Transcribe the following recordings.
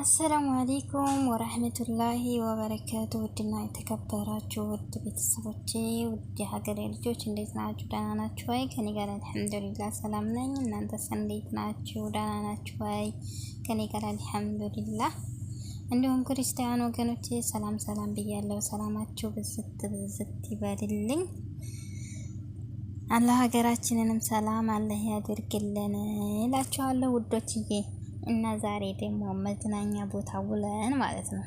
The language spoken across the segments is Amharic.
አሰላሙ አሌይኩም ወረህመቱላሂ ወበረከቱ። ውድና የተከበራችሁ ውድ ቤተሰቦቼ ውድ የሀገሬ ልጆች እንዴት ናችሁ? ደህና ናችሁ ወይ? ከኔ ጋር አልሐምዱሊላህ ሰላም ነኝ። እናንተስ እንዴት ናችሁ? ደህና ናችሁ ወይ? ከኔ ጋር አልሐምዱሊላህ። እንዲሁም ክርስቲያን ወገኖቼ ሰላም ሰላም ብያለሁ። ሰላማችሁ ብዝት ብዝት ይበልልኝ። አላህ ሀገራችንንም ሰላም አላህ ያድርግልን እላችኋለሁ ውዶችዬ እና ዛሬ ደግሞ መዝናኛ ቦታ ውለን ማለት ነው።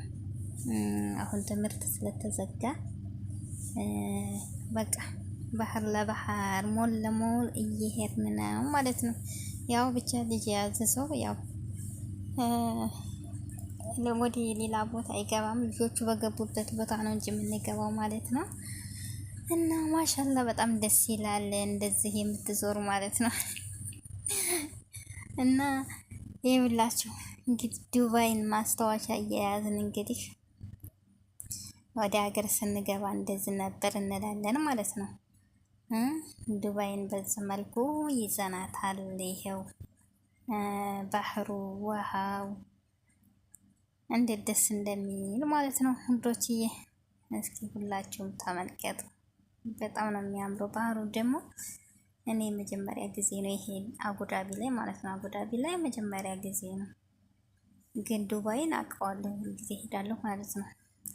አሁን ትምህርት ስለተዘጋ በቃ ባህር ለባህር ሞል ለሞል እየሄድን ነው ማለት ነው። ያው ብቻ ልጅ የያዘ ሰው ያው ወደ ሌላ ቦታ አይገባም። ልጆቹ በገቡበት ቦታ ነው እንጂ የምንገባው ማለት ነው። እና ማሻላ በጣም ደስ ይላል እንደዚህ የምትዞሩ ማለት ነው እና ይብላችሁ እንግዲህ ዱባይን ማስታወሻ እየያዝን እንግዲህ ወደ ሀገር ስንገባ እንደዚህ ነበር እንላለን ማለት ነው። ዱባይን በዚህ መልኩ ይዘናታል። ይሄው ባህሩ፣ ውሃው እንዴት ደስ እንደሚል ማለት ነው። ህዶችዬ እስኪ ሁላችሁም ተመልከቱ። በጣም ነው የሚያምረው ባህሩ ደግሞ እኔ የመጀመሪያ ጊዜ ነው ይሄ አቡዳቢ ላይ ማለት ነው። አቡዳቢ ላይ መጀመሪያ ጊዜ ነው፣ ግን ዱባይን አውቀዋለሁ ጊዜ ሄዳለሁ ማለት ነው።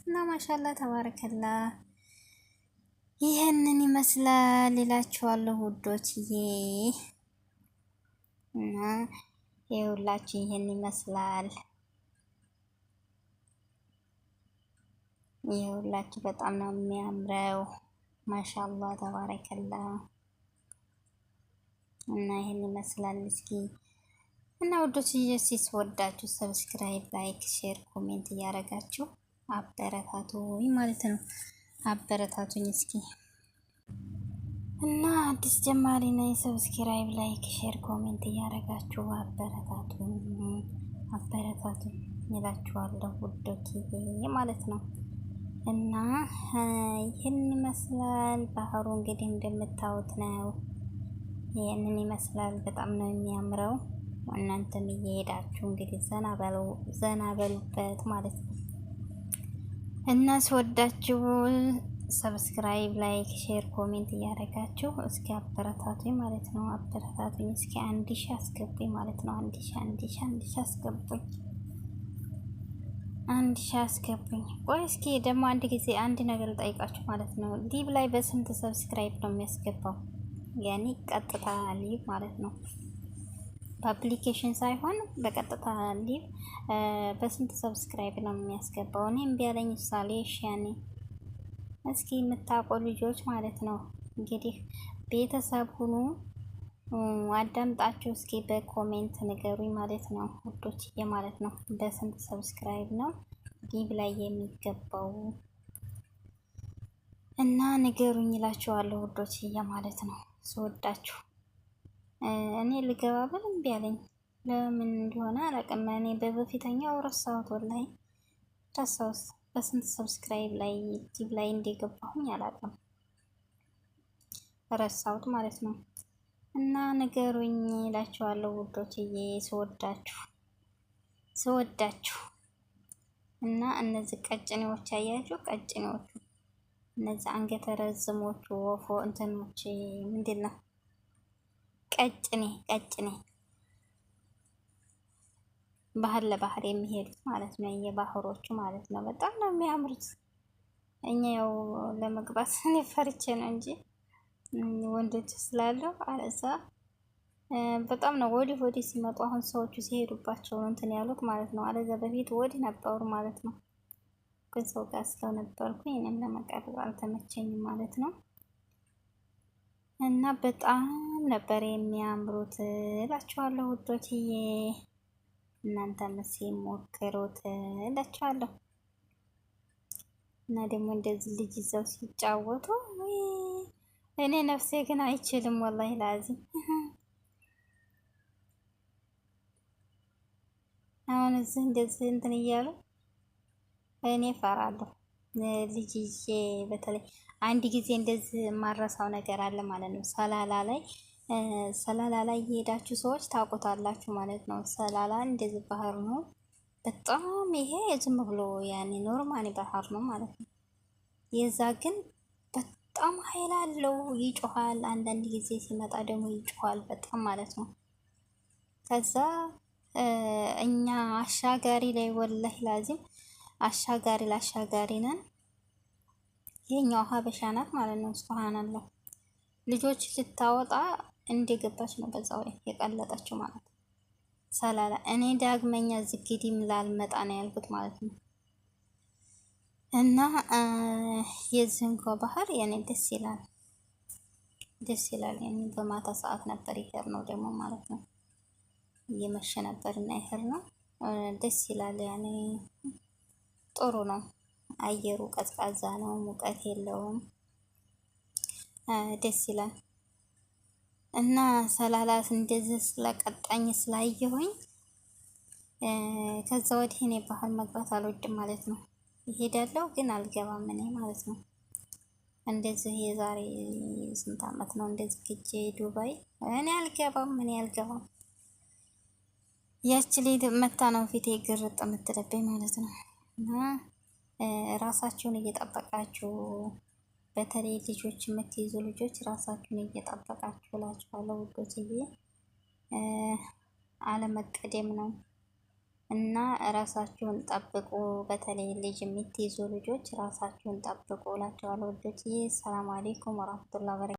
እና ማሻላ ተባረከላ ይህንን ይመስላል ውዶች ውዶችዬ እና ይኸውላችሁ ይህን ይመስላል ይኸውላችሁ በጣም ነው የሚያምረው። ማሻላ ተባረከላ እና ይህን ይመስላል። እስኪ እና ውዶች እየሲስ ወዳችሁ ሰብስክራይብ፣ ላይክ፣ ሼር፣ ኮሜንት እያደረጋችሁ አበረታቱ ማለት ነው። አበረታቱኝ እስኪ እና አዲስ ጀማሪ ነኝ። ሰብስክራይብ፣ ላይክ፣ ሼር፣ ኮሜንት እያደረጋችሁ አበረታቱኝ አበረታቱኝ እላችኋለሁ ውዶች ማለት ነው። እና ይህን ይመስላል ባህሩ እንግዲህ እንደምታዩት ነው። ይህንን ይመስላል። በጣም ነው የሚያምረው። እናንተም እየሄዳችሁ እንግዲህ ዘና በሉ ዘና በሉበት ማለት ነው እና ስወዳችሁ ሰብስክራይብ፣ ላይክ፣ ሼር፣ ኮሜንት እያደረጋችሁ እስኪ አበረታቱኝ ማለት ነው። አበረታቱኝ እስኪ አንድ ሺ አስገቡኝ ማለት ነው። አንድ ሺ አንድ ሺ አንድ ሺ አስገቡኝ፣ አንድ ሺ አስገቡኝ። ቆይ እስኪ ደግሞ አንድ ጊዜ አንድ ነገር ልጠይቃችሁ ማለት ነው። ዲብ ላይ በስንት ሰብስክራይብ ነው የሚያስገባው? ያኔ ቀጥታ ሊቭ ማለት ነው። በአፕሊኬሽን ሳይሆን በቀጥታ ሊቭ በስንት ሰብስክራይብ ነው የሚያስገባው? እኔ እምቢ አለኝ ሳሌ ያኔ እስኪ የምታውቁ ልጆች ማለት ነው እንግዲህ ቤተሰብ ሁኑ። አዳምጣችሁ እስኪ በኮሜንት ንገሩኝ ማለት ነው ውዶች ማለት ነው። በስንት ሰብስክራይብ ነው ሊቭ ላይ የሚገባው እና ንገሩኝ ይላችኋለሁ ውዶች ማለት ነው። ስወዳችሁ እኔ ልገባ ብል እምቢ አለኝ። ለምን እንደሆነ አላውቅም። እኔ በበፊተኛው ረሳሁት፣ ወላሂ ረሳሁት። በስንት ሰብስክራይብ ላይ ዩቲዩብ ላይ እንደገባሁኝ አላውቅም፣ ረሳሁት ማለት ነው። እና ንገሩኝ እላችኋለሁ ውዶችዬ፣ ስወዳችሁ ስወዳችሁ እና እነዚህ ቀጭኔዎች አያችሁ፣ ቀጭኔዎቹ እነዚህ አንገተ ረዝሞቹ ወፎ እንትኖች ምንድን ነው? ቀጭኔ ቀጭኔ ባህር ለባህር የሚሄዱት ማለት ነው። የባህሮቹ ማለት ነው። በጣም ነው የሚያምሩት። እኛ ያው ለመግባት እኔ ፈርቼ ነው እንጂ ወንዶች ስላለው አለዛ በጣም ነው ወዲህ ወዲህ ሲመጡ አሁን ሰዎቹ ሲሄዱባቸው እንትን ያሉት ማለት ነው። አለዛ በፊት ወዲህ ነበሩ ማለት ነው። ከሰው ጋር ነበርኩ እኔም ለመቀረጽ አልተመቸኝም ማለት ነው። እና በጣም ነበር የሚያምሩት እላችኋለሁ ውዶችዬ፣ እናንተ እስኪ ሞክሩት እላችኋለሁ። እና ደግሞ እንደዚህ ልጅ ይዘው ሲጫወቱ እኔ ነፍሴ ግን አይችልም ወላሂ ላዚም አሁን እዚህ እንደዚህ እንትን እያሉ እኔ ፈራለሁ ልጅ ይዤ በተለይ አንድ ጊዜ እንደዚህ የማረሳው ነገር አለ ማለት ነው። ሰላላ ላይ ሰላላ ላይ የሄዳችሁ ሰዎች ታውቁታላችሁ ማለት ነው። ሰላላ እንደዚህ ባህር ነው በጣም ይሄ ዝም ብሎ ያኔ ኖርማኒ ባህር ነው ማለት ነው። የዛ ግን በጣም ኃይል አለው ይጮኋል። አንዳንድ ጊዜ ሲመጣ ደግሞ ይጮኋል በጣም ማለት ነው። ከዛ እኛ አሻጋሪ ላይ ወላሂ ላዚም አሻጋሪ ለአሻጋሪ ነን። የኛው ሀበሻ ናት ማለት ነው። ስብሃናለሁ ልጆች ልታወጣ እንደገባች ነው በዛ ወይ የቀለጠችው ማለት ነው። ሰላላ እኔ ዳግመኛ ዝግዲም ላልመጣ ነው ያልኩት ማለት ነው። እና የዝንጎ ባህር የኔ ደስ ይላል፣ ደስ ይላል። የኔ በማታ ሰዓት ነበር ይሄር ነው ደግሞ ማለት ነው። እየመሸ ነበር እና ይሄር ነው ደስ ይላል ያኔ ጥሩ ነው። አየሩ ቀዝቃዛ ነው፣ ሙቀት የለውም፣ ደስ ይላል። እና ሰላላት እንደዚህ ስለቀጣኝ ስላየሁኝ ከዛ ወዲህ እኔ ባህር መግባት አልወድም ማለት ነው። ይሄዳለሁ ግን አልገባም እኔ ማለት ነው። እንደዚህ የዛሬ ስንት ዓመት ነው እንደዚህ ግጄ ዱባይ እኔ አልገባም እኔ አልገባም ያችሌ መታ ነው ፊቴ ግርጥ የምትለበኝ ማለት ነው። እና ራሳችሁን እየጠበቃችሁ በተለይ ልጆች የምትይዙ ልጆች ራሳችሁን እየጠበቃችሁ እላችኋለሁ ውዶችዬ። አለመቀደም ነው እና ራሳችሁን ጠብቁ። በተለይ ልጅ የምትይዙ ልጆች ራሳችሁን ጠብቁ እላችኋለሁ ውዶችዬ። ሰላም አሌይኩም ወራህመቱላሂ ወበረካቱህ።